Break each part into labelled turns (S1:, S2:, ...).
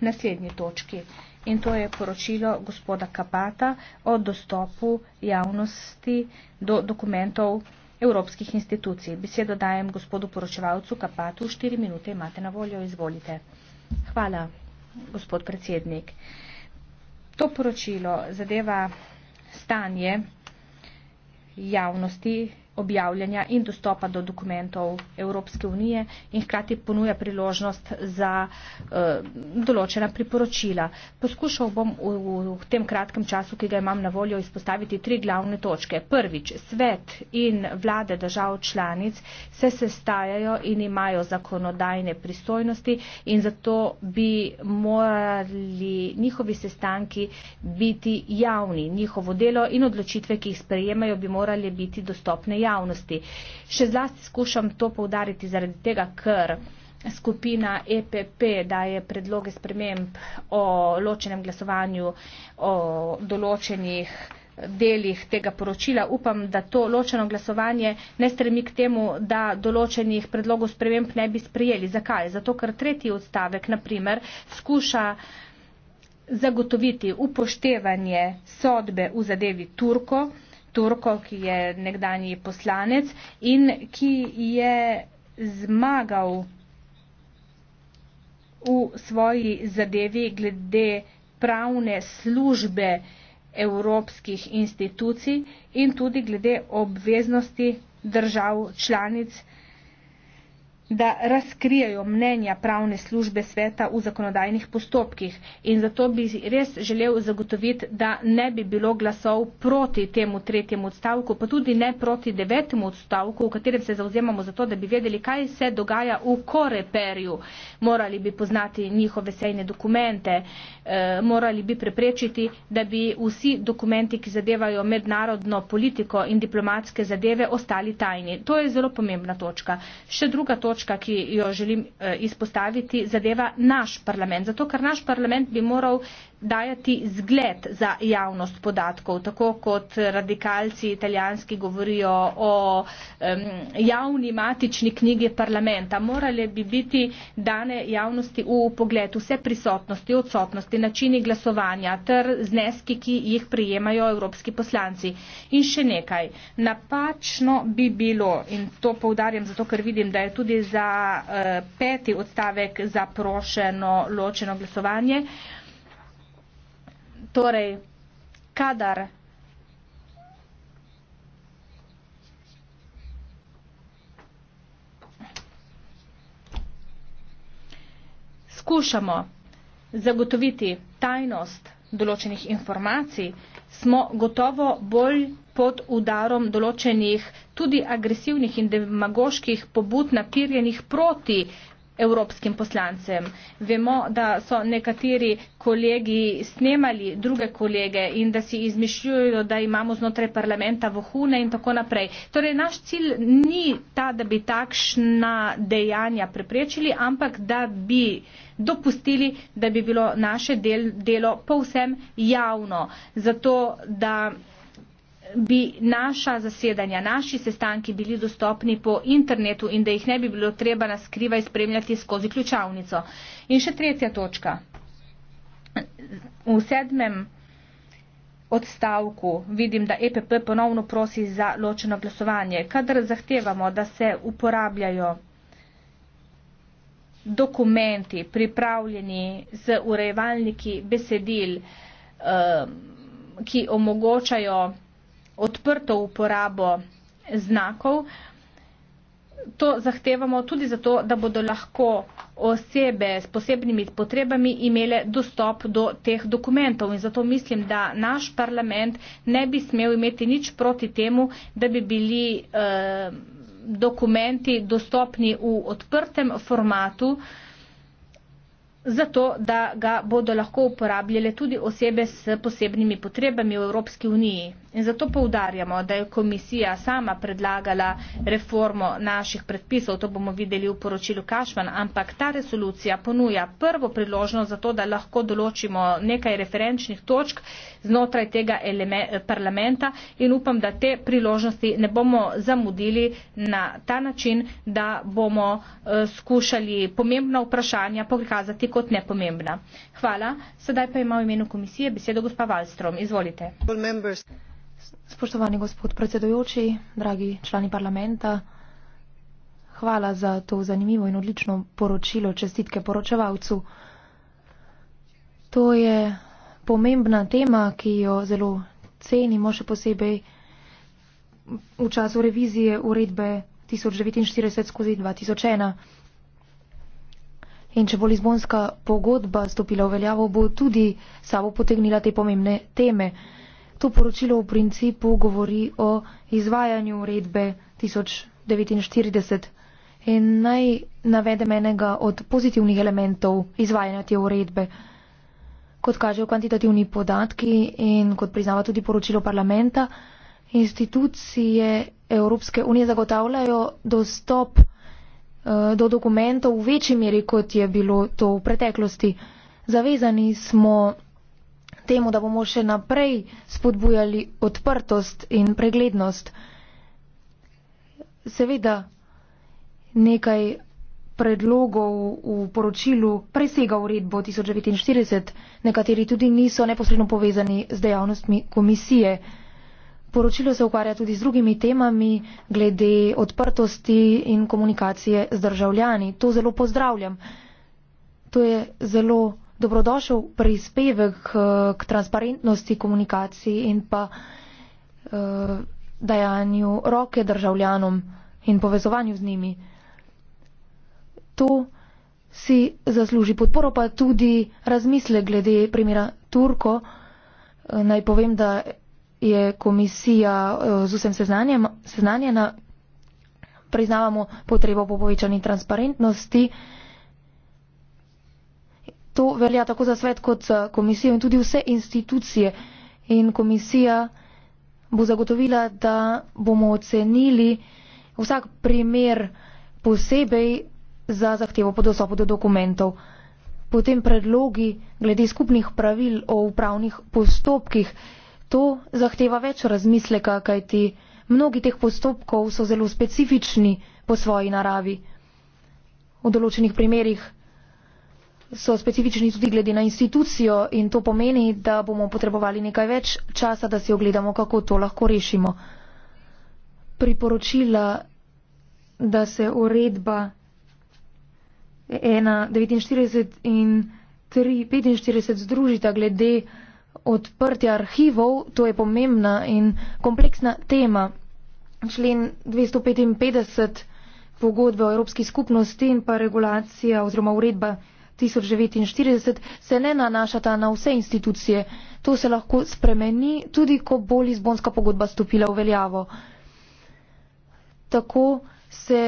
S1: naslednji točki. In to je poročilo gospoda Kapata o dostopu javnosti do dokumentov evropskih institucij. Besedo dajem gospodu poročevalcu Kapatu. Štiri minute imate na voljo, izvolite. Hvala, gospod predsednik. To poročilo zadeva stanje javnosti objavljanja in dostopa do dokumentov Evropske unije in hkrati ponuja priložnost za e, določena priporočila. Poskušal bom v, v tem kratkem času, ki ga imam na voljo, izpostaviti tri glavne točke. Prvič, svet in vlade držav članic se sestajajo in imajo zakonodajne pristojnosti in zato bi morali njihovi sestanki biti javni. Njihovo delo in odločitve, ki jih sprejemajo, bi morali biti dostopne javnosti javnosti. Še zlasti skušam to povdariti zaradi tega, ker skupina EPP daje predloge sprememb o ločenem glasovanju o določenih delih tega poročila. Upam, da to ločeno glasovanje ne stremi k temu, da določenih predlogov sprememb ne bi sprejeli. Zakaj? Zato, ker tretji odstavek, naprimer, skuša zagotoviti upoštevanje sodbe v zadevi Turko, Turko, ki je nekdanji poslanec in ki je zmagal v svoji zadevi glede pravne službe evropskih institucij in tudi glede obveznosti držav članic da razkrijajo mnenja pravne službe sveta v zakonodajnih postopkih in zato bi res želel zagotoviti, da ne bi bilo glasov proti temu tretjemu odstavku, pa tudi ne proti devetemu odstavku, v katerem se zauzemamo za to, da bi vedeli, kaj se dogaja v koreperju. Morali bi poznati njihove sejne dokumente, eh, morali bi preprečiti, da bi vsi dokumenti, ki zadevajo mednarodno politiko in diplomatske zadeve, ostali tajni. To je zelo pomembna točka. Še druga točka točka, ki jo želim eh, izpostaviti, zadeva naš parlament. Zato, ker naš parlament bi moral dajati zgled za javnost podatkov, tako kot radikalci italijanski govorijo o um, javni matični knjigi parlamenta. Morale bi biti dane javnosti v pogled vse prisotnosti, odsotnosti, načini glasovanja ter zneski, ki jih prijemajo evropski poslanci. In še nekaj. Napačno bi bilo, in to poudarjam zato, ker vidim, da je tudi za uh, peti odstavek zaprošeno ločeno glasovanje, uh, torej, kadar skušamo zagotoviti tajnost določenih informacij, smo gotovo bolj pod udarom določenih tudi agresivnih in demagoških pobud napirjenih proti evropskim poslancem. Vemo, da so nekateri kolegi snemali druge kolege in da si izmišljujo, da imamo znotraj parlamenta vohune in tako naprej. Torej, naš cilj ni ta, da bi takšna dejanja preprečili, ampak da bi dopustili, da bi bilo naše del, delo povsem javno. Zato, da bi naša zasedanja, naši sestanki bili dostopni po internetu in da jih ne bi bilo treba na skrivaj spremljati skozi ključavnico. In še tretja točka. V sedmem odstavku vidim, da EPP ponovno prosi za ločeno glasovanje. Kadar zahtevamo, da se uporabljajo dokumenti pripravljeni z urejevalniki besedil, eh, ki omogočajo odprto uporabo znakov. To zahtevamo tudi zato, da bodo lahko osebe s posebnimi potrebami imele dostop do teh dokumentov. In zato mislim, da naš parlament ne bi smel imeti nič proti temu, da bi bili eh, dokumenti dostopni v odprtem formatu, zato da ga bodo lahko uporabljale tudi osebe s posebnimi potrebami v Evropski uniji. In zato poudarjamo, da je komisija sama predlagala reformo naših predpisov, to bomo videli v poročilu Kašman, ampak ta resolucija ponuja prvo priložnost za to, da lahko določimo nekaj referenčnih točk znotraj tega parlamenta in upam, da te priložnosti ne bomo zamudili na ta način, da bomo eh, skušali pomembna vprašanja pokazati kot nepomembna. Hvala. Sedaj pa ima v imenu komisije besedo gospa Valstrom. Izvolite.
S2: Spoštovani gospod predsedujoči, dragi člani parlamenta, hvala za to zanimivo in odlično poročilo, čestitke poročevalcu. To je pomembna tema, ki jo zelo cenimo, še posebej v času revizije uredbe 1049 skozi 2001. In če bo Lizbonska pogodba stopila v veljavo, bo tudi samo potegnila te pomembne teme. To poročilo v principu govori o izvajanju uredbe 1049 in naj navedem enega od pozitivnih elementov izvajanja te uredbe. Kot kažejo kvantitativni podatki in kot priznava tudi poročilo parlamenta, institucije Evropske unije zagotavljajo dostop eh, do dokumentov v večji meri, kot je bilo to v preteklosti. Zavezani smo temu, da bomo še naprej spodbujali odprtost in preglednost. Seveda nekaj predlogov v poročilu presega uredbo 1049, nekateri tudi niso neposredno povezani z dejavnostmi komisije. Poročilo se ukvarja tudi z drugimi temami glede odprtosti in komunikacije z državljani. To zelo pozdravljam. To je zelo dobrodošel prispevek k, eh, k transparentnosti komunikaciji in pa uh, dajanju roke državljanom in povezovanju z njimi. To si zasluži podporo, pa tudi razmisle glede primera Turko. Eh, naj povem, da je komisija z vsem seznanjena, priznavamo potrebo po povečani transparentnosti. Uh, To velja tako za svet kot za komisijo in tudi vse institucije. In komisija bo zagotovila, da bomo ocenili vsak primer posebej za zahtevo po dostopu do dokumentov. Potem predlogi glede skupnih pravil o upravnih postopkih. To zahteva več razmisleka, kajti mnogi teh postopkov so zelo specifični po svoji naravi. V določenih primerjih so specifični tudi glede na institucijo in to pomeni, da bomo potrebovali nekaj več časa, da si ogledamo, kako to lahko rešimo. Priporočila, da se uredba 1.49 in 3.45 združita glede odprtja arhivov, to je pomembna in kompleksna tema. Člen 255 pogodbe o Evropski skupnosti in pa regulacija oziroma uredba 1949 se ne nanašata na vse institucije. To se lahko spremeni, tudi ko bo Lizbonska pogodba stopila v veljavo. Tako se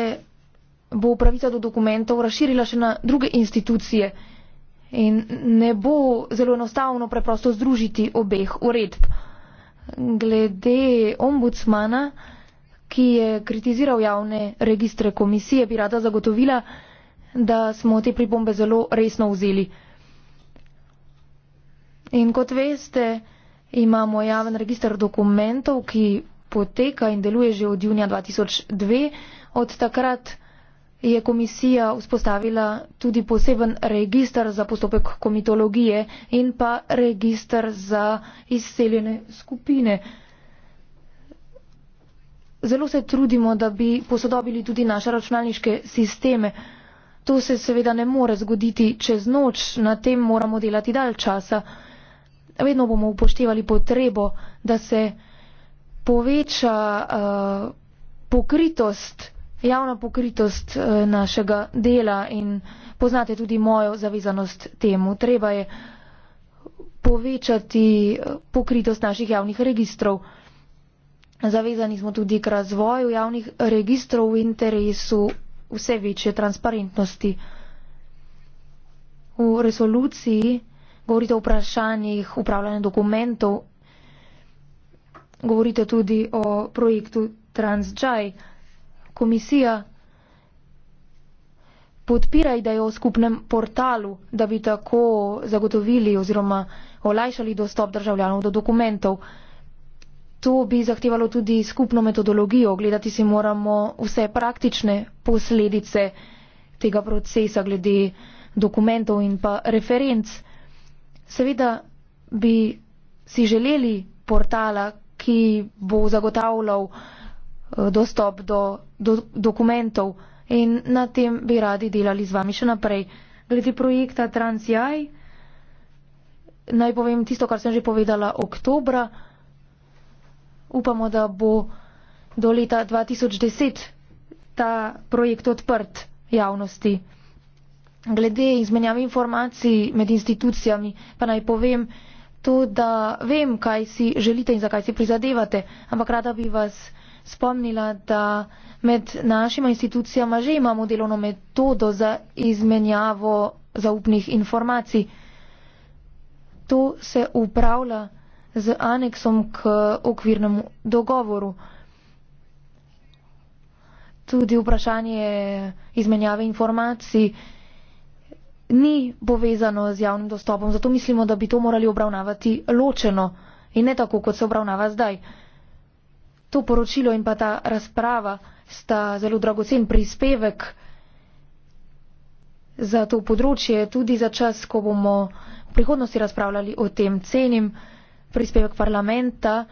S2: bo pravica do dokumentov razširila še na druge institucije in ne bo zelo enostavno preprosto združiti obeh uredb. Glede ombudsmana, ki je kritiziral javne registre komisije, bi rada zagotovila, da smo te pripombe zelo resno vzeli. In kot veste, imamo javen registr dokumentov, ki poteka in deluje že od junija 2002. Od takrat je komisija vzpostavila tudi poseben registr za postopek komitologije in pa registr za izseljene skupine. Zelo se trudimo, da bi posodobili tudi naše računalniške sisteme. To se seveda ne more zgoditi čez noč, na tem moramo delati dalj časa. Vedno bomo upoštevali potrebo, da se poveča uh, pokritost, javna pokritost uh, našega dela in poznate tudi mojo zavezanost temu. Treba je povečati eh, pokritost naših javnih registrov. Zavezani smo tudi k razvoju javnih registrov v interesu vse večje transparentnosti. V resoluciji govorite o vprašanjih upravljanja dokumentov, govorite tudi o projektu TransJai. Komisija podpira idejo o skupnem portalu, da bi tako zagotovili oziroma olajšali dostop državljanov do dokumentov to bi zahtevalo tudi skupno metodologijo. Gledati si moramo vse praktične posledice tega procesa glede dokumentov in pa referenc. Seveda bi si želeli portala, ki bo zagotavljal eh, dostop do, do dokumentov in na tem bi radi delali z vami še naprej. Glede projekta TransJaj, naj povem tisto, kar sem že povedala oktobra upamo, da bo do leta 2010 ta projekt odprt javnosti. Glede izmenjave informacij med institucijami pa naj povem to, da vem, kaj si želite in zakaj si prizadevate, ampak rada bi vas spomnila, da med našima institucijama že imamo delovno metodo za izmenjavo zaupnih informacij. To se upravlja z aneksom k okvirnemu dogovoru. Tudi vprašanje izmenjave informacij ni povezano z javnim dostopom, zato mislimo, da bi to morali obravnavati ločeno in ne tako, kot se obravnava zdaj. To poročilo in pa ta razprava sta zelo dragocen prispevek za to področje, tudi za čas, ko bomo v prihodnosti razpravljali o tem cenim prispevek parlamenta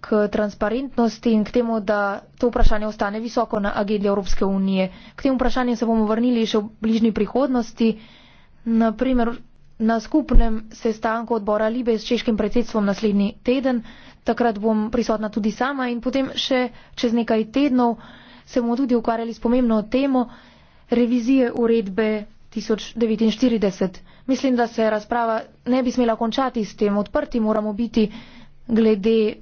S2: k transparentnosti in k temu, da to vprašanje ostane visoko na agendi Evropske unije. K tem vprašanjem se bomo vrnili še v bližnji prihodnosti, naprimer na skupnem sestanku odbora Libe s češkim predsedstvom naslednji teden. Takrat bom prisotna tudi sama in potem še čez nekaj tednov se bomo tudi ukvarjali s pomembno temo revizije uredbe 1049 mislim, da se razprava ne bi smela končati s tem. Odprti moramo biti glede eh,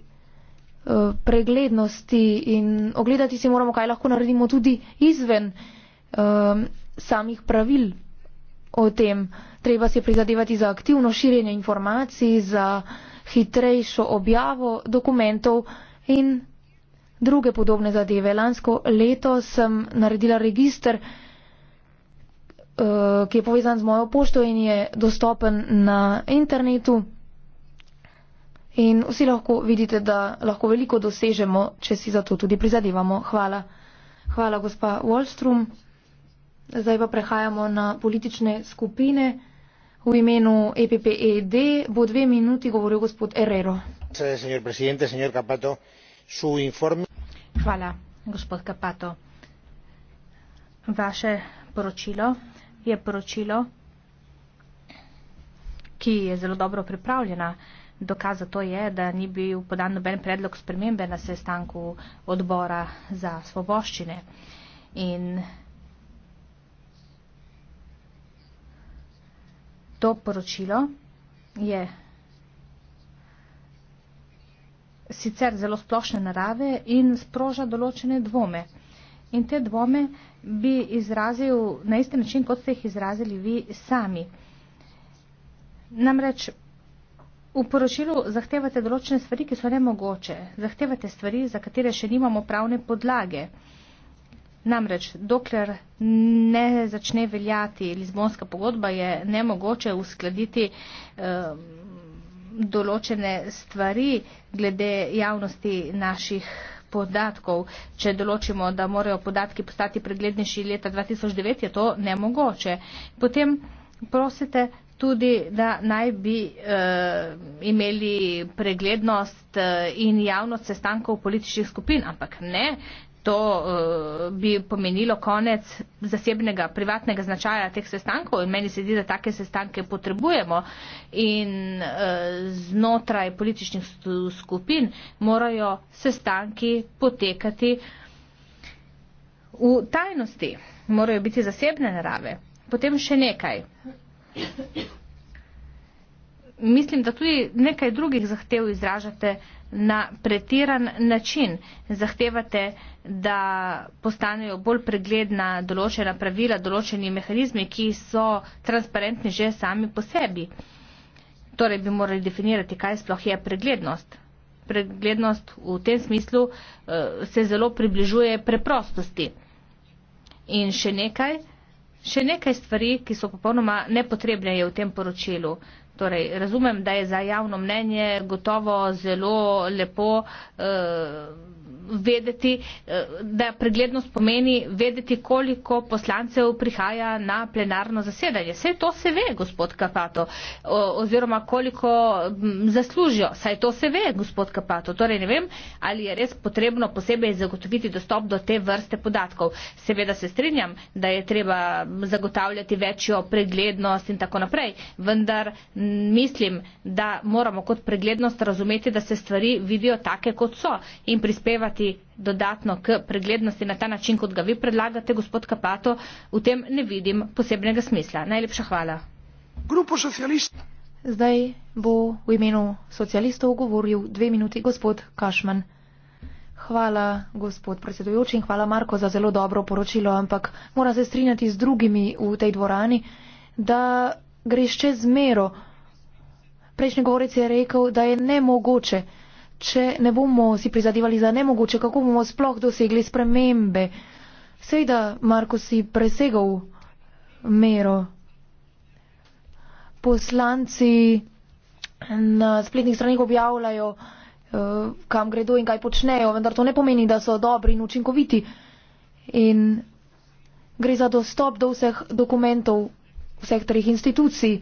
S2: preglednosti in ogledati si moramo, kaj lahko naredimo tudi izven um, samih pravil o tem. Treba se prizadevati za aktivno širjenje informacij, za hitrejšo objavo dokumentov in druge podobne zadeve. Lansko leto sem naredila registr uh, Eh, ki je povezan z mojo pošto in je dostopen na internetu. In vsi lahko vidite, da lahko veliko dosežemo, če si za to tudi prizadevamo. Hvala. Hvala, gospa Wallstrom. Zdaj pa prehajamo na politične skupine. V imenu EPPED bo dve minuti govoril gospod Herrero.
S1: Hvala, gospod Kapato. Vaše poročilo je poročilo, ki je zelo dobro pripravljena. Dokaz za to je, da ni bil podan noben predlog spremembe na sestanku odbora za svoboščine. In to poročilo je sicer zelo splošne narave in sproža določene dvome. In te dvome bi izrazil na isti način, kot ste jih izrazili vi sami. Namreč, v poročilu zahtevate določene stvari, ki so nemogoče. Zahtevate stvari, za katere še nimamo pravne podlage. Namreč, dokler ne začne veljati Lizbonska pogodba, je nemogoče uskladiti eh, določene stvari glede javnosti naših podatkov, če določimo, da morajo podatki postati preglednejši leta 2009, je to nemogoče. Potem prosite tudi, da naj bi uh, imeli preglednost uh, in javnost sestankov političnih skupin, ampak ne, to eh, bi pomenilo konec zasebnega, privatnega značaja teh sestankov in meni se zdi, da take sestanke potrebujemo in eh, znotraj političnih skupin morajo sestanki potekati v tajnosti, morajo biti zasebne narave. Potem še nekaj. Mislim, da tudi nekaj drugih zahtev izražate na pretiran način. Zahtevate uh, da postanejo bolj pregledna določena pravila, določeni mehanizmi, ki so transparentni že sami po sebi. Torej bi morali definirati, kaj sploh je preglednost. Preglednost v tem smislu eh, se zelo približuje preprostosti. In še nekaj, še nekaj stvari, ki so popolnoma nepotrebne je v tem poročilu. Torej, razumem, da je za javno mnenje gotovo zelo lepo. Uh, vedeti, eh, da preglednost pomeni vedeti, koliko poslancev prihaja na plenarno zasedanje. Vse to se ve, gospod Kapato, oziroma koliko zaslužijo. Vse to se ve, gospod Kapato. Torej ne vem, ali je res potrebno posebej zagotoviti dostop do te vrste podatkov. Seveda se strinjam, da je treba zagotavljati večjo preglednost in tako naprej, vendar mislim, da moramo kot preglednost razumeti, da se stvari vidijo take, kot so in prispeva dodati dodatno k preglednosti na ta način, kot ga vi predlagate, gospod Kapato, v tem ne vidim posebnega smisla. Najlepša hvala.
S2: Zdaj bo v imenu socialistov govoril dve minuti gospod Kašman. Hvala, gospod predsedujoči, in hvala, Marko, za zelo dobro poročilo, ampak mora se strinjati z drugimi v tej dvorani, da greš čez mero. Prejšnji govorec je rekel, da je nemogoče če ne bomo si prizadevali za nemogoče, kako bomo sploh dosegli spremembe. Seveda, Marko si presegal mero. Poslanci na spletnih stranih objavljajo, eh, kam gredo in kaj počnejo, vendar to ne pomeni, da so dobri in učinkoviti. In gre za dostop do vseh dokumentov, vseh treh institucij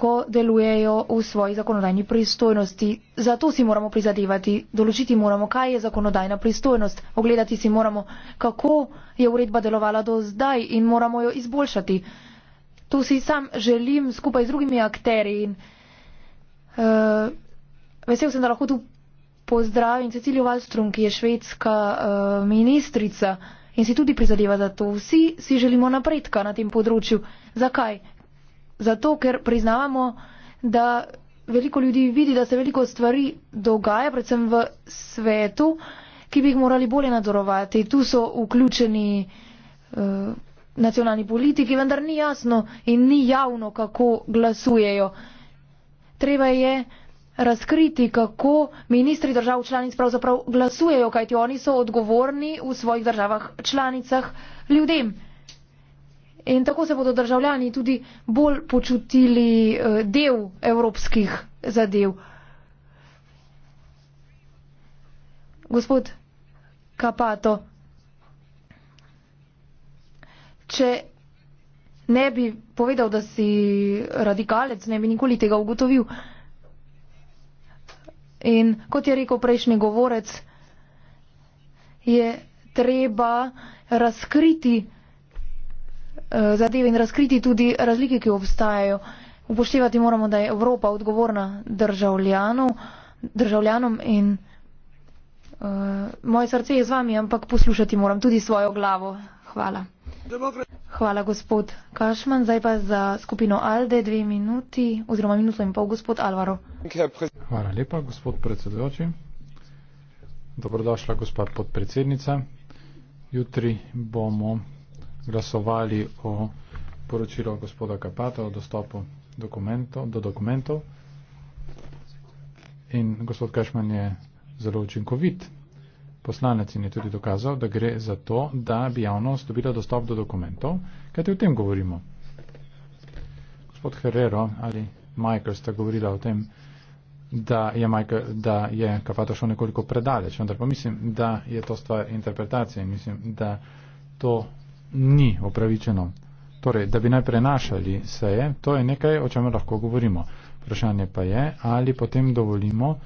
S2: lahko delujejo v svoji zakonodajni pristojnosti. Zato si moramo prizadevati, določiti moramo, kaj je zakonodajna pristojnost, ogledati si moramo, kako je uredba delovala do zdaj in moramo jo izboljšati. Tu si sam želim skupaj z drugimi akteri in uh, vesel sem, da lahko tu pozdravim Cecilijo Valstrom, ki je švedska uh, ministrica in si tudi prizadeva za to. Vsi si želimo napredka na tem področju. Zakaj? zato, ker priznavamo, da veliko ljudi vidi, da se veliko stvari dogaja, predvsem v svetu, ki bi jih morali bolje nadzorovati. Tu so vključeni uh, nacionalni politiki, vendar ni jasno in ni javno, kako glasujejo. Treba je razkriti, kako ministri držav članic pravzaprav glasujejo, kajti oni so odgovorni v svojih državah članicah ljudem. In tako se bodo državljani tudi bolj počutili eh, del evropskih zadev. Gospod Kapato, če ne bi povedal, da si radikalec, ne bi nikoli tega ugotovil. In kot je rekel prejšnji govorec, je treba razkriti Eh, zadeve in razkriti tudi razlike, ki obstajajo. Upoštevati moramo, da je Evropa odgovorna državljanom in uh, moje srce je z vami, ampak poslušati moram tudi svojo glavo. Hvala. Hvala, gospod Kašman. Zdaj pa za skupino Alde dve minuti oziroma minuto in pol, gospod Alvaro.
S3: Hvala lepa, gospod predsedujoči. Dobrodošla, gospod podpredsednica. Jutri bomo glasovali o poročilu gospoda Kapata o dostopu dokumentov, do dokumentov. In gospod Kašman je zelo učinkovit poslanec in je tudi dokazal, da gre za to, da bi javnost dobila dostop do dokumentov. Kaj te o tem govorimo? Gospod Herrero ali Michael sta govorila o tem, da je, Michael, da je Kapata šel nekoliko predaleč, vendar pa mislim, da je to stvar interpretacije. Mislim, da to ni opravičeno. Torej, da bi naj prenašali seje, to je nekaj, o čem lahko govorimo. Vprašanje pa je, ali potem dovolimo,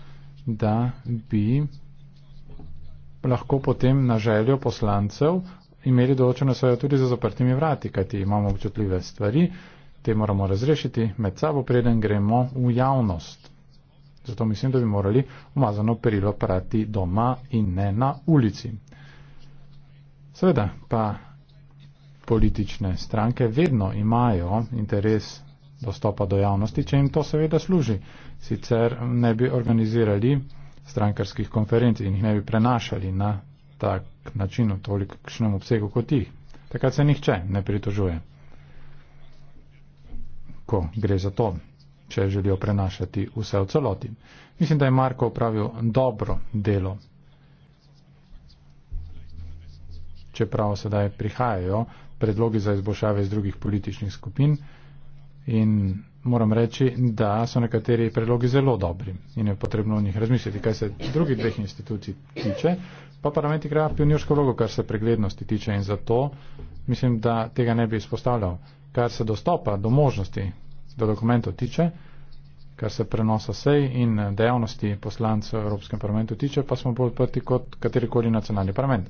S3: da bi lahko potem na željo poslancev imeli določeno sejo tudi za zaprtimi vrati, kajti imamo občutljive stvari, te moramo razrešiti med sabo, preden gremo v javnost. Zato mislim, da bi morali umazano perilo prati doma in ne na ulici. Seveda pa politične stranke vedno imajo interes dostopa do javnosti, če jim to seveda služi. Sicer ne bi organizirali strankarskih konferenc in jih ne bi prenašali na tak način, v tolikšnem obsegu kot jih. Takrat se nihče ne pritožuje, ko gre za to, če želijo prenašati vse v celoti. Mislim, da je Marko upravil dobro delo. Čeprav sedaj prihajajo predlogi za izboljšave iz drugih političnih skupin in moram reči, da so nekateri predlogi zelo dobri in je potrebno o njih razmisliti, kaj se drugih dveh institucij tiče, pa parlament igra pionirsko vlogo, kar se preglednosti tiče in zato mislim, da tega ne bi izpostavljal. Kar se dostopa do možnosti, do dokumentov tiče, kar se prenosa sej in dejavnosti poslancev v Evropskem parlamentu tiče, pa smo bolj odprti kot katerikoli nacionalni parlament.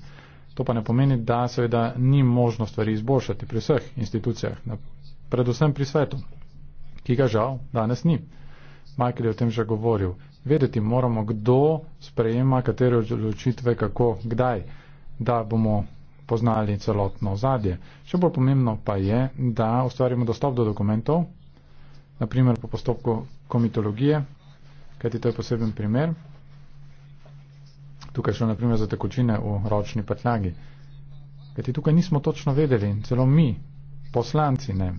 S3: To pa ne pomeni, da seveda ni možno stvari izboljšati pri vseh institucijah, predvsem pri svetu, ki ga žal danes ni. Michael je o tem že govoril. Vedeti moramo, kdo sprejema katere odločitve, kako, kdaj, da bomo poznali celotno ozadje. Še bolj pomembno pa je, da ustvarimo dostop do dokumentov, naprimer po postopku komitologije, kajti to je poseben primer. Tukaj šlo naprimer za tekočine v ročni prtljagi. Kajti tukaj nismo točno vedeli in celo mi, poslanci, ne.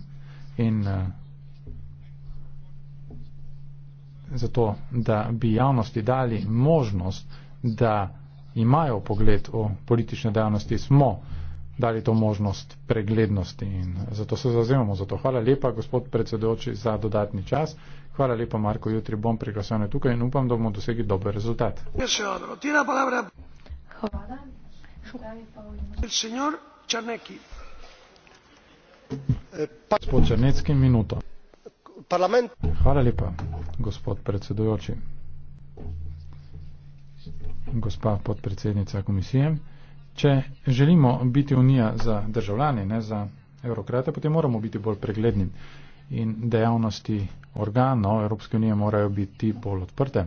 S3: In uh, zato, da bi javnosti dali možnost, da imajo pogled o politične dejavnosti, smo dali to možnost preglednosti in zato se zazemamo za to. Hvala lepa, gospod predsedoči, za dodatni čas. Hvala lepa, Marko. Jutri bom preglasan tukaj in upam, da bomo dosegli dober rezultat. Hvala. Gospod Črnecki, minuto. Hvala lepa, gospod predsedujoči. Gospa podpredsednica komisije, če želimo biti unija za državljane, ne za evrokrate, potem moramo biti bolj pregledni in dejavnosti organov Evropske unije morajo biti bolj odprte.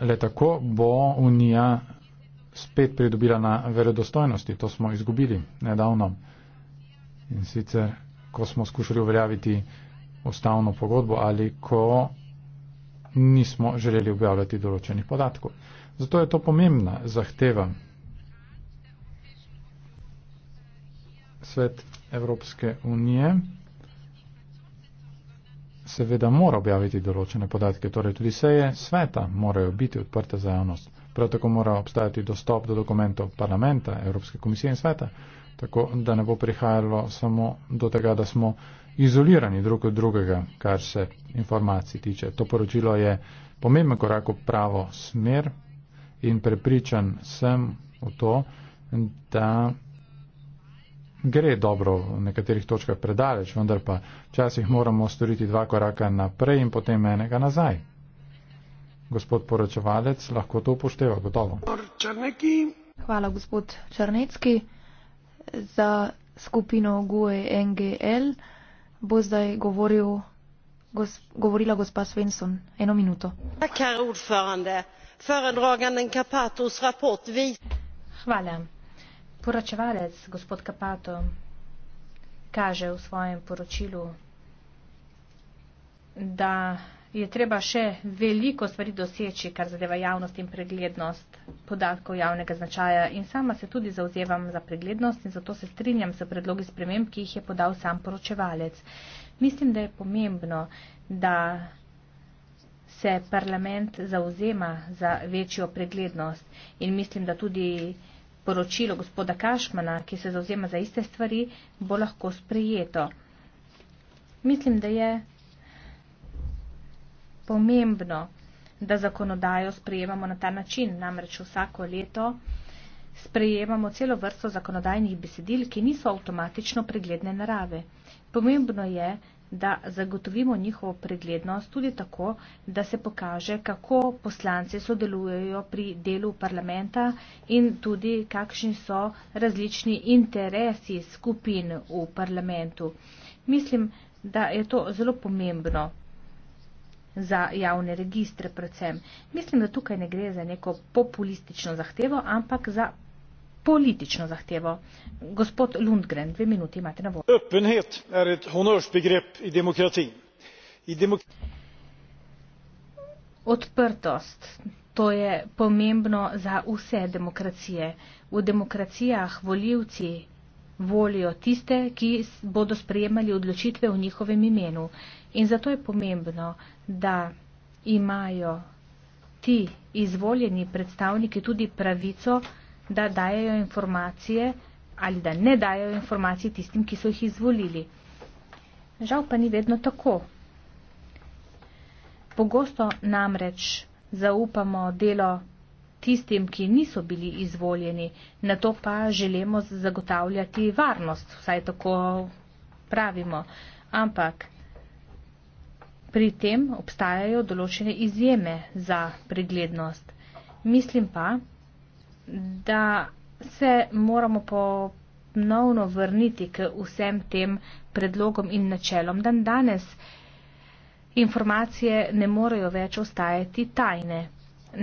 S3: Le tako bo unija spet pridobila na veredostojnosti. To smo izgubili nedavno. In sicer, ko smo skušali uveljaviti ustavno pogodbo ali ko nismo želeli objavljati določenih podatkov. Zato je to pomembna zahteva. Svet Evropske unije seveda mora objaviti določene podatke, torej tudi seje sveta morajo biti odprte za javnost. Prav tako mora obstajati dostop do dokumentov parlamenta, Evropske komisije in sveta, tako da ne bo prihajalo samo do tega, da smo izolirani drug od drugega, kar se informacij tiče. To poročilo je pomemben korak v pravo smer in prepričan sem v to, da gre dobro v nekaterih točkah predaleč, vendar pa včasih moramo storiti dva koraka naprej in potem enega nazaj. Gospod poročevalec lahko to upošteva, gotovo.
S2: Hvala, gospod Črnecki. Za skupino GUE NGL bo zdaj govoril, gos, govorila gospa Svensson. Eno minuto.
S1: Hvala. Poročevalec, gospod Kapato, kaže v svojem poročilu, da je treba še veliko stvari doseči, kar zadeva javnost in preglednost podatkov javnega značaja. In sama se tudi zauzevam za preglednost in zato se strinjam s predlogi sprememb, ki jih je podal sam poročevalec. Mislim, da je pomembno, da se parlament zauzema za večjo preglednost in mislim, da tudi poročilo gospoda Kašmana, ki se zauzema za iste stvari, bo lahko sprejeto. Mislim, da je pomembno, da zakonodajo sprejemamo na ta način, namreč vsako leto sprejemamo celo vrsto zakonodajnih besedil, ki niso avtomatično pregledne narave. Pomembno je, da zagotovimo njihovo preglednost tudi tako, da se pokaže, kako poslanci sodelujejo pri delu parlamenta in tudi kakšni so različni interesi skupin v parlamentu. Mislim, da je to zelo pomembno za javne registre predvsem. Mislim, da tukaj ne gre za neko populistično zahtevo, ampak za politično zahtevo. Gospod Lundgren, dve minuti imate na voljo.
S3: Öppenhet är er ett honorsbegrepp i demokratin. I demok
S1: Odprtost, to je pomembno za vse demokracije. V demokracijah voljivci volijo tiste, ki bodo sprejemali odločitve v njihovem imenu. In zato je pomembno, da imajo ti izvoljeni predstavniki tudi pravico, da dajajo informacije ali da ne dajajo informacij tistim, ki so jih izvolili. Žal pa ni vedno tako. Pogosto namreč zaupamo delo tistim, ki niso bili izvoljeni, na to pa želimo zagotavljati varnost, vsaj tako pravimo. Ampak pri tem obstajajo določene izjeme za preglednost. Mislim pa, da se moramo ponovno vrniti k vsem tem predlogom in načelom. Dan danes informacije ne morejo več ostajati tajne.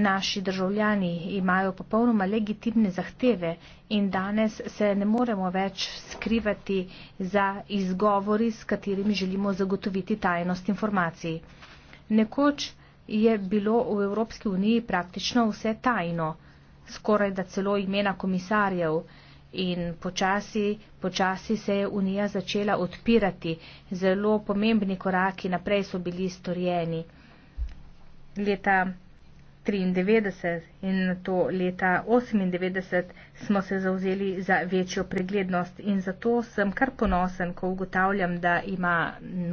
S1: Naši državljani imajo popolnoma legitimne zahteve in danes se ne moremo več skrivati za izgovori, s katerimi želimo zagotoviti tajnost informacij. Nekoč je bilo v Evropski uniji praktično vse tajno skoraj da celo imena komisarjev. In počasi, počasi se je Unija začela odpirati. Zelo pomembni koraki naprej so bili storjeni. Leta 1993 in na to leta 1998 smo se zauzeli za večjo preglednost in zato sem kar ponosen, ko ugotavljam, da ima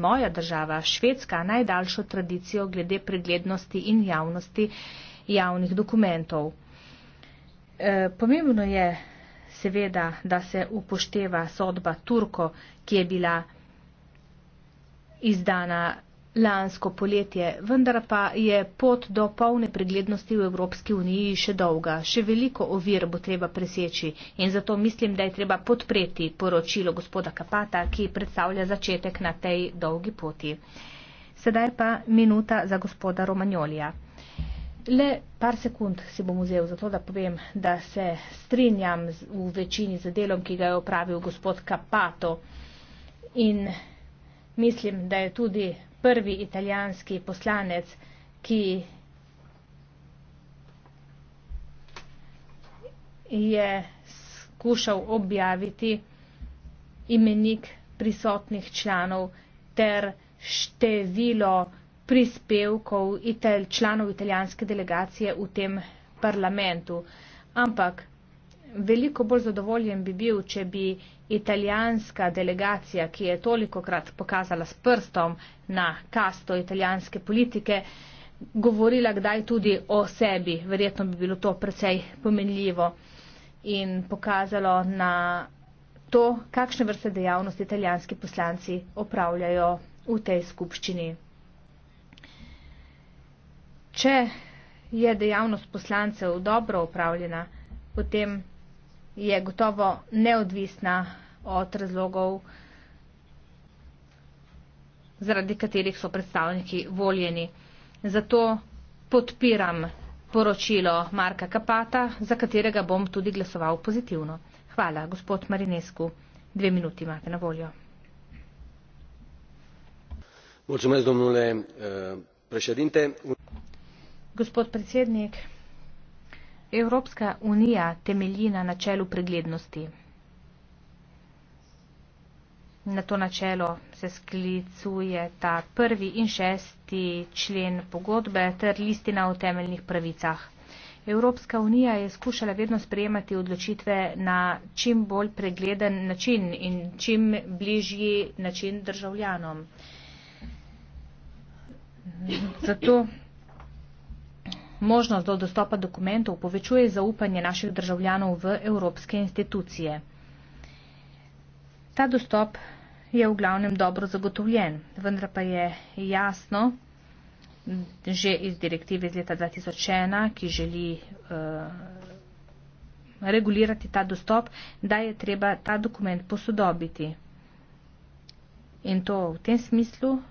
S1: moja država, Švedska, najdaljšo tradicijo glede preglednosti in javnosti javnih dokumentov. Eh, pomembno je seveda, da se upošteva sodba Turko, ki je bila izdana lansko poletje, vendar pa je pot do polne preglednosti v Evropski uniji še dolga, še veliko ovir bo treba preseči in zato mislim, da je treba podpreti poročilo gospoda Kapata, ki predstavlja začetek na tej dolgi poti. Sedaj pa minuta za gospoda Romanjolija. Le par sekund si bom vzel za to, da povem, da se strinjam v večini z delom, ki ga je opravil gospod Kapato in mislim, da je tudi prvi italijanski poslanec, ki je skušal objaviti imenik prisotnih članov ter število prispevkov itel, članov italijanske delegacije v tem parlamentu. Ampak veliko bolj zadovoljen bi bil, če bi italijanska delegacija, ki je toliko krat pokazala s prstom na kasto italijanske politike, govorila kdaj tudi o sebi. Verjetno bi bilo to precej pomenljivo in pokazalo na to, kakšne vrste dejavnosti italijanski poslanci opravljajo v tej skupščini če je dejavnost poslancev dobro upravljena, potem je gotovo neodvisna od razlogov, zaradi katerih so predstavniki voljeni. Zato podpiram poročilo Marka Kapata, za katerega bom tudi glasoval pozitivno. Hvala, gospod Marinesku. Dve minuti imate na voljo.
S3: Mulțumesc, domnule eh, președinte.
S1: Gospod predsednik, Evropska unija temelji na načelu preglednosti. Na to načelo se sklicuje ta prvi in šesti člen pogodbe ter listina o temeljnih pravicah. Evropska unija je skušala vedno sprejemati odločitve na čim bolj pregleden način in čim bližji način državljanom. Zato Možnost do dostopa dokumentov povečuje zaupanje naših državljanov v evropske institucije. Ta dostop je v glavnem dobro zagotovljen, vendar pa je jasno, že iz direktive iz leta 2001, ki želi uh, regulirati ta dostop, da je treba ta dokument posodobiti. In to v tem smislu,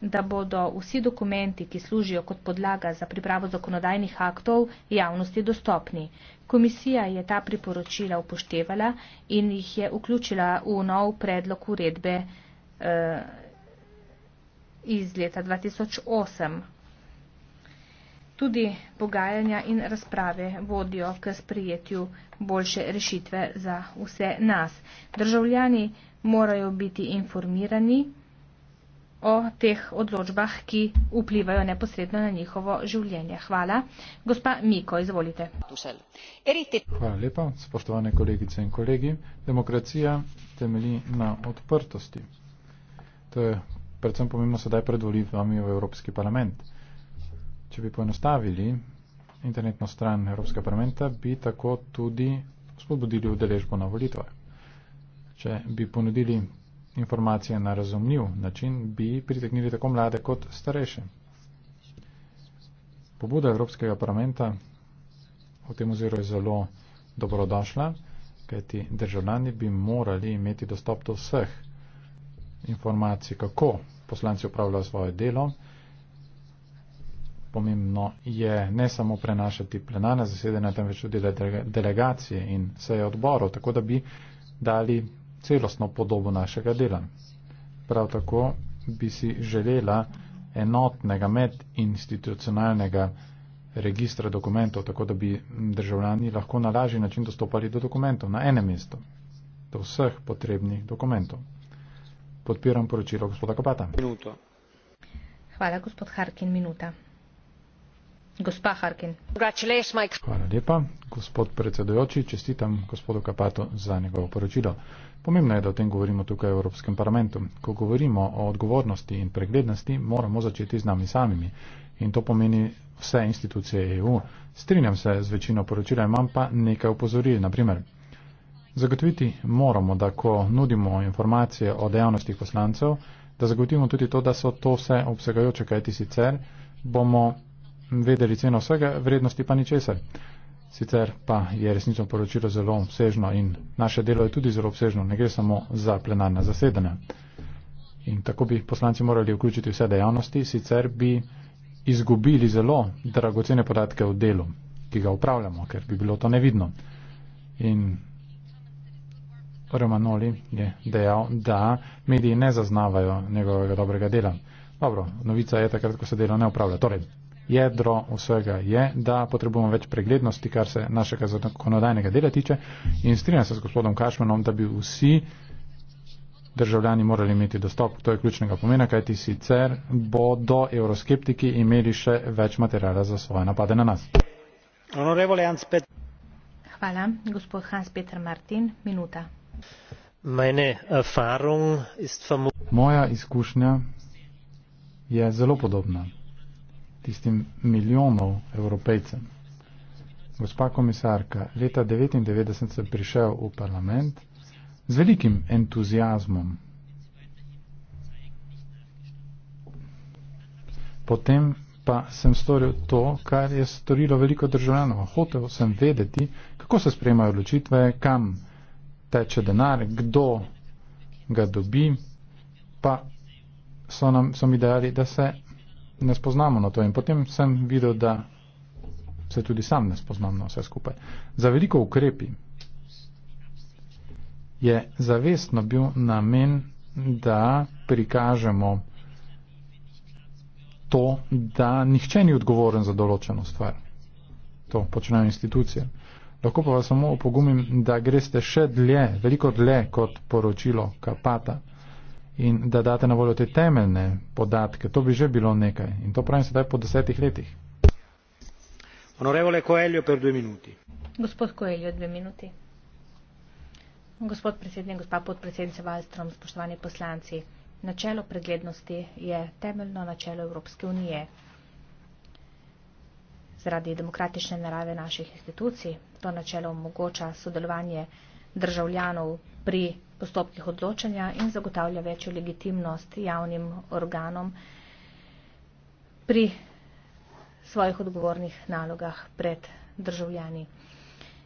S1: da bodo vsi dokumenti, ki služijo kot podlaga za pripravo zakonodajnih aktov, javnosti dostopni. Komisija je ta priporočila upoštevala in jih je vključila v nov predlog uredbe eh, iz leta 2008. Tudi pogajanja in razprave vodijo k sprijetju boljše rešitve za vse nas. Državljani morajo biti informirani o teh odločbah, ki vplivajo neposredno na njihovo življenje. Hvala. Gospa Miko, izvolite.
S3: Hvala lepa, spoštovane kolegice in kolegi. Demokracija temelji na odprtosti. To je predvsem pomembno sedaj pred volitvami v Evropski parlament. Če bi poenostavili internetno stran Evropskega parlamenta, bi tako tudi spodbudili udeležbo na volitvah. Če bi ponudili informacije na razumljiv način, bi pritegnili tako mlade kot starejše. Pobuda Evropskega parlamenta v tem oziru je zelo dobrodošla, kajti državljani bi morali imeti dostop do vseh informacij, kako poslanci upravljajo svoje delo. Pomembno je ne samo prenašati plenarne zasedene, temveč tudi delegacije in seje odborov, tako da bi dali celostno podobo našega dela. Prav tako bi si želela enotnega medinstitucionalnega registra dokumentov, tako da bi državljani lahko na lažji način dostopali do dokumentov na enem mestu, do vseh potrebnih dokumentov. Podpiram poročilo gospoda Kapata. Minuto.
S1: Hvala, gospod Harkin, minuta gospa Harkin. Hvala
S3: lepa, gospod predsedujoči, čestitam gospodu Kapatu za njegovo poročilo. Pomembno je, da o tem govorimo tukaj v Evropskem parlamentu. Ko govorimo o odgovornosti in preglednosti, moramo začeti z nami samimi. In to pomeni vse institucije EU. Strinjam se z večino poročila, imam pa nekaj upozoril. Naprimer, zagotoviti moramo, da ko nudimo informacije o dejavnosti poslancev, da zagotovimo tudi to, da so to vse obsegajoče, kajti sicer bomo vedeli ceno vsega, vrednosti pa ni česar. Sicer pa je resnično poročilo zelo obsežno in naše delo je tudi zelo obsežno, ne gre samo za plenarna zasedanja. In tako bi poslanci morali vključiti vse dejavnosti, sicer bi izgubili zelo dragocene podatke o delu, ki ga upravljamo, ker bi bilo to nevidno. In Romanoli je dejal, da mediji ne zaznavajo njegovega dobrega dela. Dobro, novica je takrat, ko se delo ne upravlja. Torej, jedro vsega je, da potrebujemo več preglednosti, kar se našega zakonodajnega dela tiče. In strinjam se z gospodom Kašmanom, da bi vsi državljani morali imeti dostop. To je ključnega pomena, kajti sicer bodo euroskeptiki imeli še več materijala za svoje napade na nas.
S1: Hvala. Gospod Hans-Peter Martin, minuta.
S3: Moja izkušnja je zelo podobna tistim milijonov evropejcem. Gospa komisarka, leta 1999 sem prišel v parlament z velikim entuzijazmom. Potem pa sem storil to, kar je storilo veliko državljanov. Hotev sem vedeti, kako se sprejemajo odločitve, kam teče denar, kdo ga dobi, pa so, nam, so mi dejali, da se ne spoznamo na to. In potem sem videl, da se tudi sam ne spoznam na vse skupaj. Za veliko ukrepi je zavestno bil namen, da prikažemo to, da nihče ni odgovoren za določeno stvar. To počnejo institucije. Lahko pa vas samo opogumim, da greste še dlje, veliko dlje kot poročilo kapata in da date na voljo te temeljne podatke. To bi že bilo nekaj in to pravim sedaj po desetih letih. Onorevole Koeljo, per due minuti.
S1: Gospod Koeljo, dve minuti. Gospod predsednik, gospa podpredsednica Valstrom, spoštovani poslanci. Načelo preglednosti je temeljno načelo Evropske unije. Zaradi demokratične narave naših institucij to načelo omogoča sodelovanje državljanov pri postopkih odločanja in zagotavlja večjo legitimnost javnim organom pri svojih odgovornih nalogah pred državljani.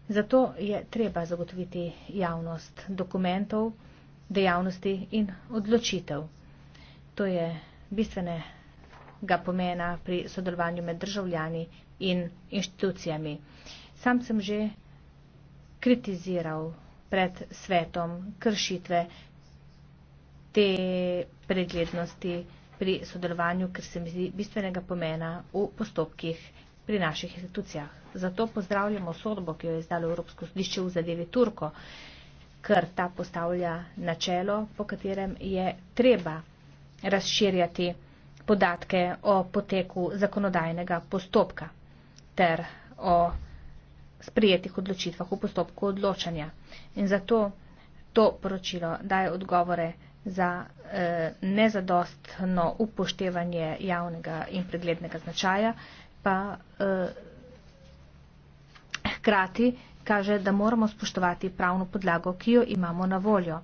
S1: Zato je treba zagotoviti javnost dokumentov, dejavnosti in odločitev. To je bistvenega pomena pri sodelovanju med državljani in inštitucijami. Sam sem že kritiziral pred svetom kršitve te preglednosti pri sodelovanju, ker se mi zdi bistvenega pomena v postopkih pri naših institucijah. Zato pozdravljamo sodbo, ki jo je izdalo Evropsko sodišče v zadevi Turko, ker ta postavlja načelo, po katerem je treba razširjati podatke o poteku zakonodajnega postopka ter o sprijetih odločitvah v postopku odločanja. In zato to poročilo daje odgovore za eh, nezadostno upoštevanje javnega in preglednega značaja, pa eh, hkrati kaže, da moramo spoštovati pravno podlago, ki jo imamo na voljo.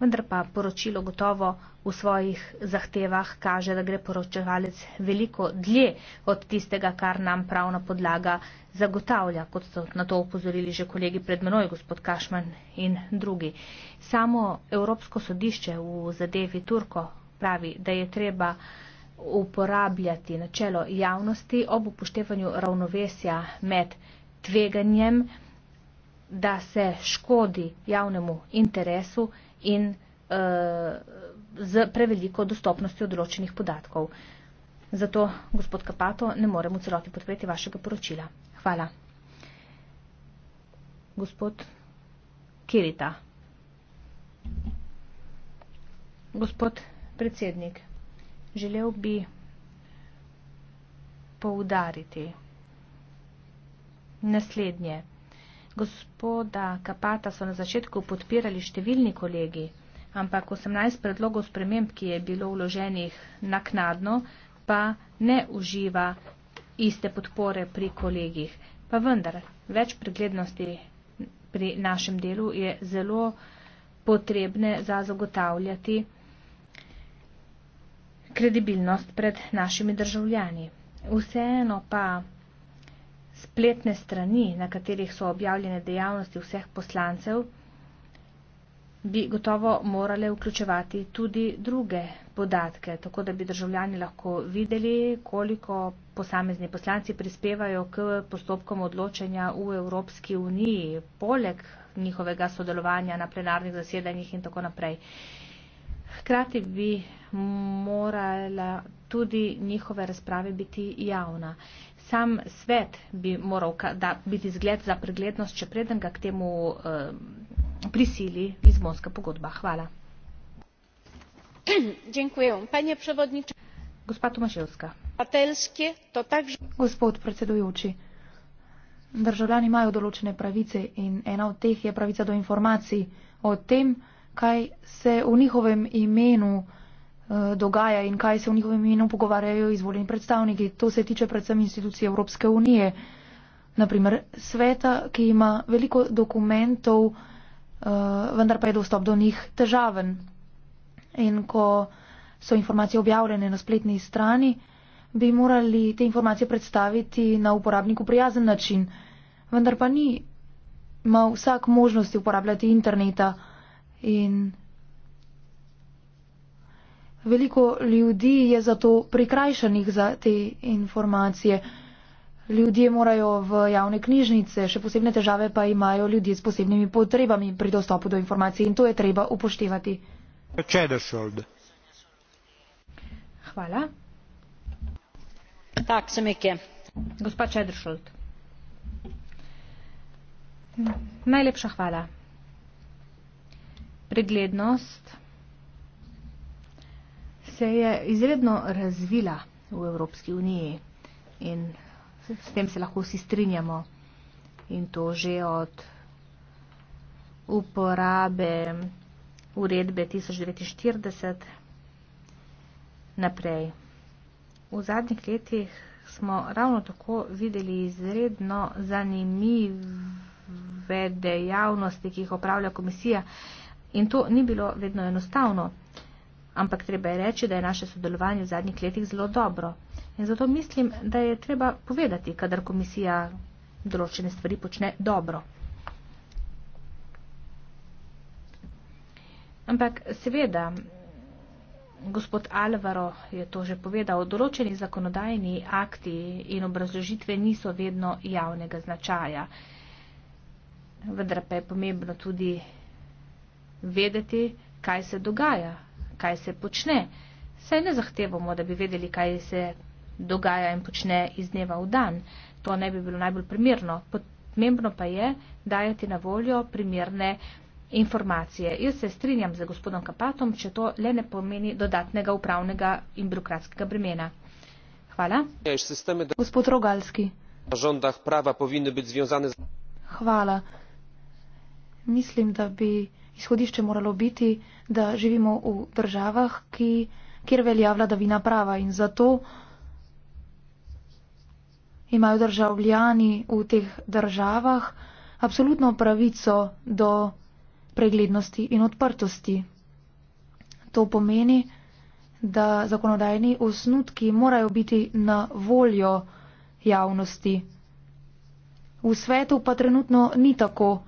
S1: Vendar pa poročilo gotovo v svojih zahtevah kaže, da gre poročevalec veliko dlje od tistega, kar nam pravna podlaga eh, zagotavlja, kot so na to upozorili že kolegi pred menoj, gospod Kašman in drugi. Samo Evropsko sodišče v zadevi Turko pravi, da je treba uporabljati načelo javnosti ob upoštevanju ravnovesja med tveganjem, da se škodi javnemu interesu in uh, z preveliko dostopnostjo določenih podatkov. Zato, gospod Kapato, ne moremo celoti podpreti vašega poročila. Hvala. Gospod Kirita. Gospod predsednik, želel bi poudariti naslednje. Gospoda Kapata so na začetku podpirali številni kolegi, ampak 18 predlogov sprememb, ki je bilo vloženih naknadno, pa ne uživa iste podpore pri kolegih. Pa vendar, več preglednosti pri našem delu je zelo potrebne za zagotavljati kredibilnost pred našimi državljani. Vseeno pa spletne strani, na katerih so objavljene dejavnosti vseh poslancev, bi gotovo morale vključevati tudi druge podatke, tako da bi državljani lahko videli, koliko posamezni poslanci prispevajo k postopkom odločanja v Evropski uniji, poleg njihovega sodelovanja na plenarnih zasedanjih in tako naprej. Hkrati bi morala tudi njihove razprave biti javna. Sam svet bi moral da, biti zgled za preglednost, če preden ga k temu eh, prisili Lizbonska pogodba. Hvala. panie przewodniczący! obywatelskie to także. gospod predsedujoči
S2: državljani imajo določene pravice in ena od teh je pravica do informacij o tem kaj se v njihovem imenu eh, dogaja in kaj se v njihovem imenu pogovarjajo izvoljeni predstavniki. To se tiče predvsem institucij Evropske unije, naprimer sveta, ki ima veliko dokumentov, eh, vendar pa je dostop do njih težaven in ko so informacije objavljene na spletni strani, bi morali te informacije predstaviti na uporabniku prijazen način. Vendar pa ni, ima vsak možnosti uporabljati interneta in veliko ljudi je zato prikrajšanih za te informacije. Ljudje morajo v javne knjižnice, še posebne težave pa imajo ljudje s posebnimi potrebami pri dostopu do informacij in to je treba
S1: upoštevati.
S3: Najlepša
S1: hvala. Preglednost se je izredno razvila v Evropski uniji in s tem se lahko vsi strinjamo in to že od uporabe uredbe 1940 naprej. V zadnjih letih smo ravno tako videli izredno zanimive dejavnosti, ki jih opravlja komisija in to ni bilo vedno enostavno. Ampak treba je reči, da je naše sodelovanje v zadnjih letih zelo dobro. In zato mislim, da je treba povedati, kadar komisija določene stvari počne dobro. Ampak seveda, gospod Alvaro je to že povedal, določeni zakonodajni akti in obrazložitve niso vedno javnega značaja. Vendar pa je pomembno tudi vedeti, kaj se dogaja, kaj se počne. Saj ne zahtevamo, da bi vedeli, kaj se dogaja in počne iz dneva v dan. To ne bi bilo najbolj primerno. Pomembno pa je dajati na voljo primerne informacije. Jaz se strinjam z gospodom Kapatom, če to le ne pomeni dodatnega upravnega in birokratskega bremena. Hvala.
S2: Gospod Rogalski. Hvala. Mislim, da bi izhodišče moralo biti, da živimo v državah, ki, kjer velja vladavina prava in zato imajo državljani v teh državah absolutno pravico do preglednosti in odprtosti. To pomeni, da zakonodajni osnutki morajo biti na voljo javnosti. V svetu pa trenutno ni tako.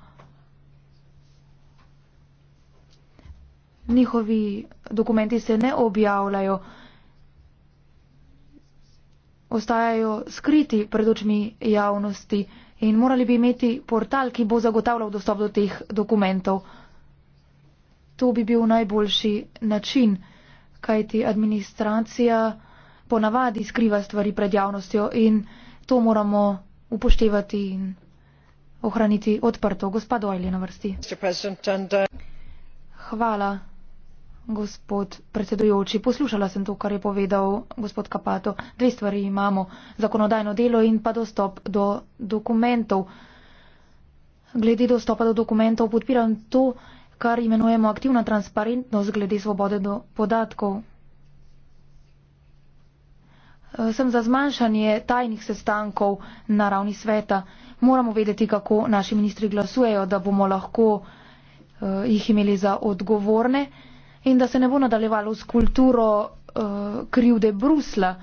S2: Njihovi dokumenti se ne objavljajo, ostajajo skriti pred očmi javnosti in morali bi imeti portal, ki bo zagotavljal dostop do teh dokumentov. To bi bil najboljši način, kajti administracija ponavadi skriva stvari pred javnostjo in to moramo upoštevati in ohraniti odprto. Gospod Ojli na vrsti.
S3: Uh,
S2: Hvala. Gospod predsedujoči, poslušala sem to, kar je povedal gospod Kapato. Dve stvari imamo. Zakonodajno delo in pa dostop do dokumentov. Glede dostopa do dokumentov podpiram to, kar imenujemo aktivna transparentnost glede svobode do podatkov. Sem za zmanjšanje tajnih sestankov na ravni sveta. Moramo vedeti, kako naši ministri glasujejo, da bomo lahko uh, jih imeli za odgovorne. Uh, in da se ne bo nadaljevalo s kulturo uh, krivde Brusla.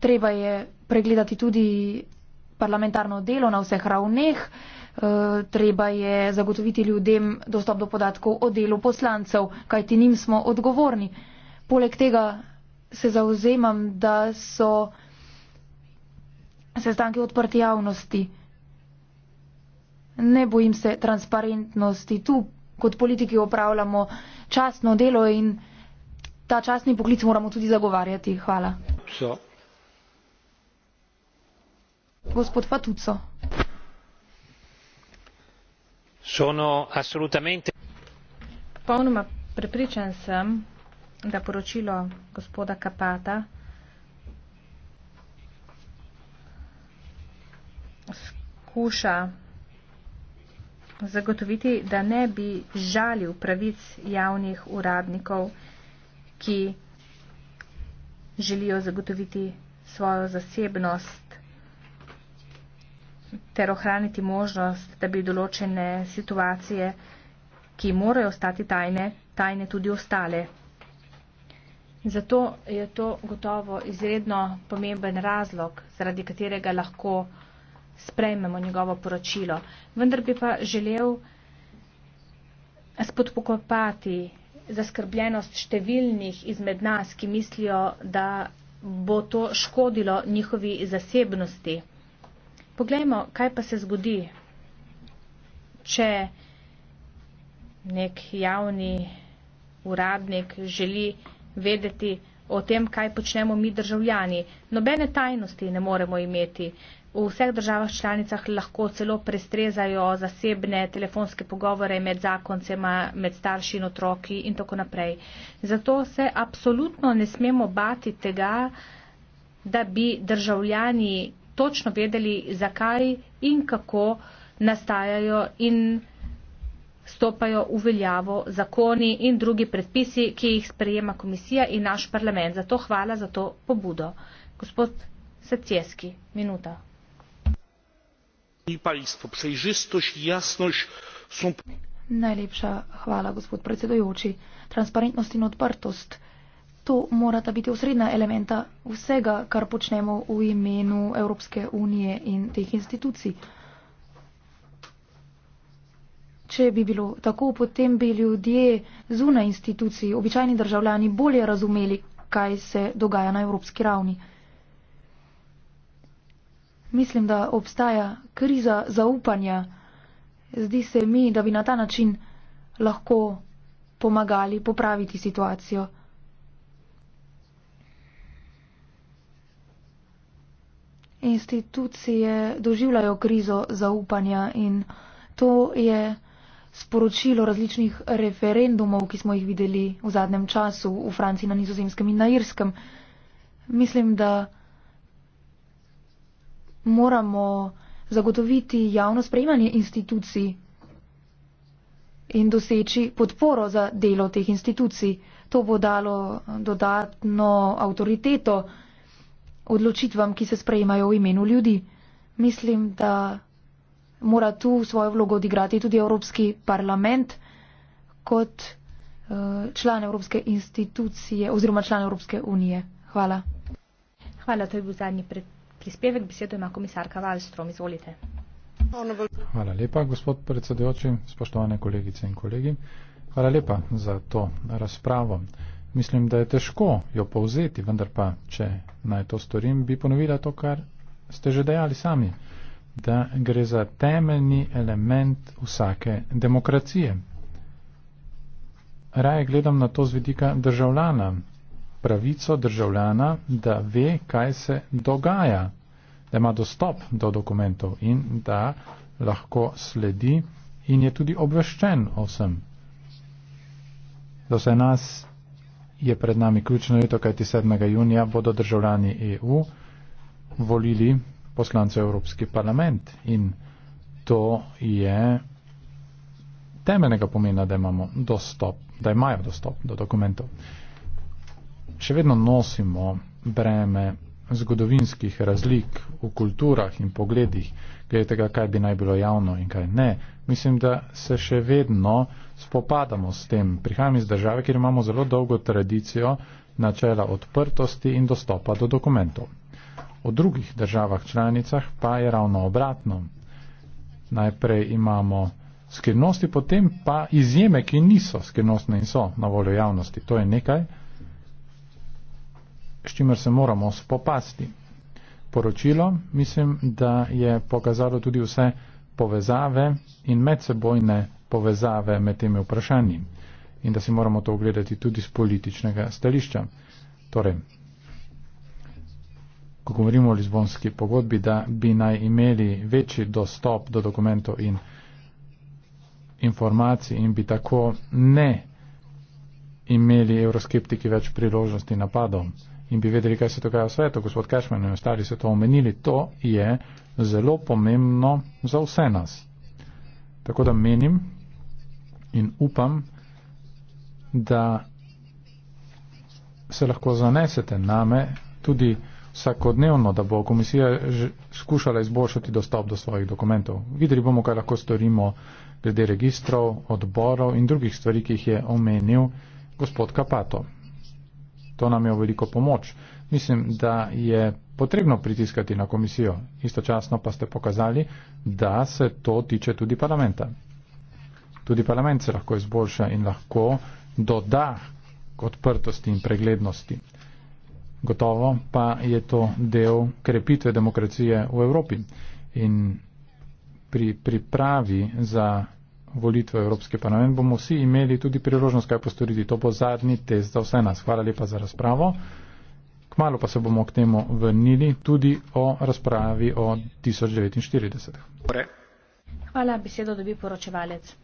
S2: Treba je pregledati tudi parlamentarno delo na vseh ravneh, uh, treba je zagotoviti ljudem dostop do podatkov o delu poslancev, kajti njim smo odgovorni. Poleg tega se zauzemam, da so sestanki odprti javnosti. Ne bojim se transparentnosti tu, kot politiki opravljamo častno delo in ta častni poklic moramo tudi zagovarjati. Hvala. So. Gospod Patuco.
S3: Sono assolutamente.
S1: Popolnoma prepričan sem, da poročilo gospoda Kapata skuša zagotoviti, da ne bi žalil pravic javnih uradnikov, ki želijo zagotoviti svojo zasebnost ter ohraniti možnost, da bi določene situacije, ki morajo ostati tajne, tajne tudi ostale. Zato je to gotovo izredno pomemben razlog, zaradi katerega lahko sprejmemo njegovo poročilo. Vendar bi pa želel spodpokopati zaskrbljenost številnih izmed nas, ki mislijo, da bo to škodilo njihovi zasebnosti. Poglejmo, kaj pa se zgodi, če nek javni uradnik želi vedeti o tem, kaj počnemo mi državljani. Nobene tajnosti ne moremo imeti. V vseh državah članicah lahko celo prestrezajo zasebne telefonske pogovore med zakoncema, med starši in otroki in tako naprej. Zato se absolutno ne smemo bati tega, da bi državljani točno vedeli, zakaj in kako nastajajo in stopajo v veljavo zakoni in drugi predpisi, ki jih sprejema komisija in naš parlament. Zato hvala za to pobudo. Gospod Sacijeski, minuta.
S2: Najlepša hvala, gospod predsedujoči. Transparentnost in odprtost. To morata biti osredna elementa vsega, kar počnemo v imenu Evropske unije in teh institucij. Če bi bilo tako, potem bi ljudje zunaj institucij, običajni državljani, bolje razumeli, kaj se dogaja na evropski ravni. Mislim, da obstaja kriza zaupanja. Zdi se mi, da bi na ta način lahko pomagali popraviti situacijo. Institucije doživljajo krizo zaupanja in to je sporočilo različnih referendumov, ki smo jih videli v zadnjem času v Franciji, na nizozemskem in na irskem. Mislim, da moramo zagotoviti javno sprejemanje institucij in doseči podporo za delo teh institucij. To bo dalo dodatno avtoriteto odločitvam, ki se sprejemajo v imenu ljudi. Mislim, da mora tu svojo vlogo odigrati tudi Evropski parlament kot eh, član Evropske institucije oziroma član Evropske unije. Hvala.
S1: Hvala, to je bil zadnji predpis. Prispevek besedo ima komisarka Valstrom. Izvolite.
S3: Hvala lepa, gospod predsedujoči, spoštovane kolegice in kolegi. Hvala lepa za to razpravo. Mislim, da je težko jo povzeti, vendar pa, če naj to storim, bi ponovila to, kar ste že dejali sami, da gre za temeljni element vsake demokracije. Raje gledam na to z vidika državljana, pravico državljana, da ve, kaj se dogaja, da ima dostop do dokumentov in da lahko sledi in je tudi obveščen o vsem. Za vse nas je pred nami ključno leto, kajti 7. junija bodo državljani EU volili poslance v Evropski parlament in to je temeljnega pomena, da imamo dostop, da imajo dostop do dokumentov še vedno nosimo breme zgodovinskih razlik v kulturah in pogledih, glede tega, kaj bi naj bilo javno in kaj ne. Mislim, da se še vedno spopadamo s tem. Prihajam iz države, kjer imamo zelo dolgo tradicijo načela odprtosti in dostopa do dokumentov. V drugih državah članicah pa je ravno obratno. Najprej imamo skrivnosti, potem pa izjeme, ki niso skrivnostne in so na voljo javnosti. To je nekaj, s čimer se moramo spopasti. Poročilo mislim, da je pokazalo tudi vse povezave in medsebojne povezave med temi vprašanji in da si moramo to ogledati tudi z političnega stališča. Torej, ko govorimo o Lizbonski pogodbi, da bi naj imeli večji dostop do dokumentov in informacij in bi tako ne imeli evroskeptiki več priložnosti napadov in bi vedeli, kaj se dogaja v svetu. Gospod Kašman in ostali so to omenili. To je zelo pomembno za vse nas. Tako da menim in upam, da se lahko zanesete name tudi vsakodnevno, da bo komisija skušala izboljšati dostop do svojih dokumentov. Videli bomo, kaj lahko storimo glede registrov, odborov in drugih stvari, ki jih je omenil gospod Kapato to nam je v veliko pomoč. Mislim, da je potrebno pritiskati na komisijo. Istočasno pa ste pokazali, da se to tiče tudi parlamenta. Tudi parlament se lahko izboljša in lahko doda odprtosti in preglednosti. Gotovo pa je to del krepitve demokracije v Evropi. In pri pripravi za volitve v Evropski parlament, bomo vsi imeli tudi priložnost kaj postoriti. To bo zadnji test za vse nas. Hvala lepa za razpravo. Kmalo pa se bomo k temu vrnili tudi o razpravi o 1049.
S1: Hvala, besedo dobi poročevalec.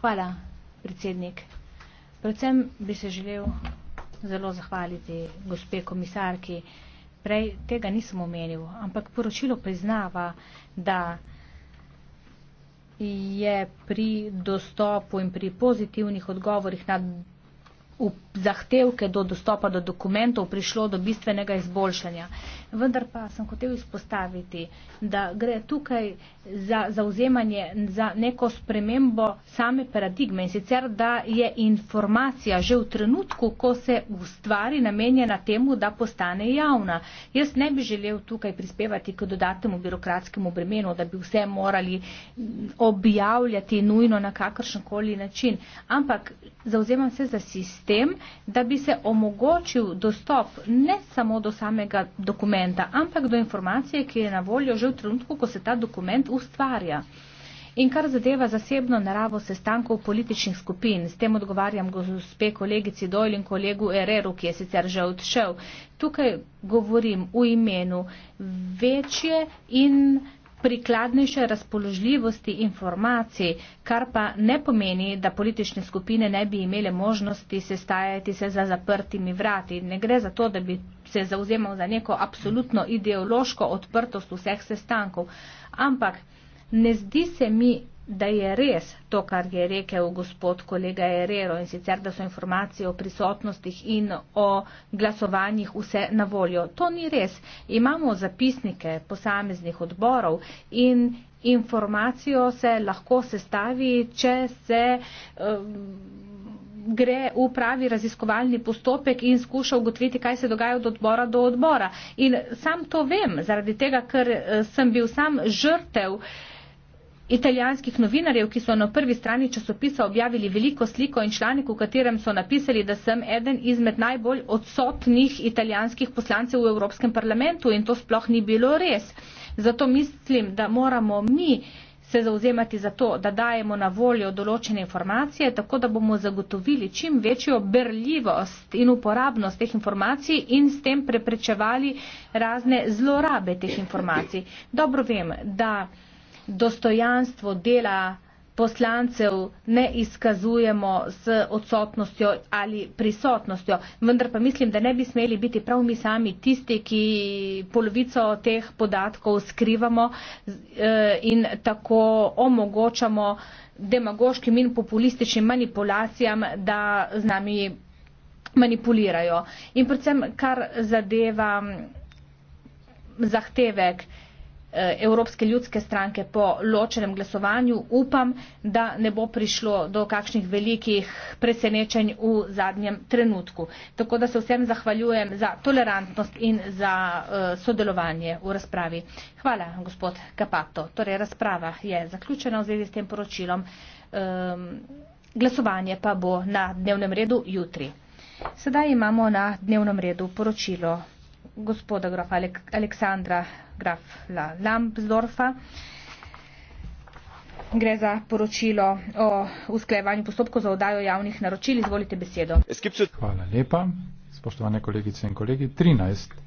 S1: Hvala, predsednik. Predvsem bi se želel zelo zahvaliti gospe komisarki. Prej tega nisem omenil, ampak poročilo priznava, da je pri dostopu in pri pozitivnih odgovorih na upravljanje zahtevke do dostopa do dokumentov prišlo do bistvenega izboljšanja. Vendar pa sem hotel izpostaviti, da gre tukaj za zauzemanje za neko spremembo same paradigme in sicer, da je informacija že v trenutku, ko se ustvari namenjena temu, da postane javna. Jaz ne bi želel tukaj prispevati k dodatnemu birokratskemu bremenu, da bi vse morali objavljati nujno na kakršenkoli način, ampak zauzemam se za sistem, da bi se omogočil dostop ne samo do samega dokumenta, ampak do informacije, ki je na voljo že v trenutku, ko se ta dokument ustvarja. In kar zadeva zasebno naravo sestankov političnih skupin, s tem odgovarjam gospe kolegici Dojl in kolegu Ereru, ki je sicer že odšel, tukaj govorim v imenu večje in prikladnejše razpoložljivosti informacij, kar pa ne pomeni, da politične skupine ne bi imele možnosti sestajati se za zaprtimi vrati. Ne gre za to, da bi se zauzemal za neko absolutno ideološko odprtost vseh sestankov, ampak ne zdi se mi, da je res to, kar je rekel gospod kolega Herero in sicer, da so informacije o prisotnostih in o glasovanjih vse na voljo. To ni res. Imamo zapisnike posameznih odborov in informacijo se lahko sestavi, če se. Um, gre v pravi raziskovalni postopek in skuša ugotoviti, kaj se dogaja od odbora do odbora. In sam to vem, zaradi tega, ker eh, sem bil sam žrtev uh, italijanskih novinarjev, ki so na prvi strani časopisa objavili veliko sliko in članek, v katerem so napisali, da sem eden izmed najbolj odsotnih italijanskih poslancev v Evropskem parlamentu in to sploh ni bilo res. Zato mislim, da moramo mi se zauzemati za to, da dajemo na voljo določene informacije, tako da bomo zagotovili čim večjo berljivost in uporabnost teh informacij in s tem preprečevali razne zlorabe teh informacij. Dobro vem, da dostojanstvo dela poslancev ne izkazujemo z odsotnostjo ali prisotnostjo. Vendar pa mislim, da ne bi smeli biti prav mi sami tisti, ki polovico teh podatkov skrivamo e, in tako omogočamo demagoškim in populističnim manipulacijam, da z nami manipulirajo. In predvsem, kar zadeva zahtevek, Eh, Evropske ljudske stranke po ločenem glasovanju. Upam, da ne bo prišlo do kakšnih velikih presenečenj v zadnjem trenutku. Tako da se vsem zahvaljujem za tolerantnost in za eh, sodelovanje v razpravi. Hvala, gospod Kapato. Torej, razprava je zaključena v zvezi s tem poročilom. Glasovanje pa bo na dnevnem redu jutri. Sedaj imamo na dnevnem redu poročilo gospoda grofa Aleksandra graf Lambsdorfa. Gre za poročilo o usklejevanju postopkov za odajo javnih naročil. Izvolite besedo.
S3: Hvala lepa, spoštovane kolegice in kolegi. 13.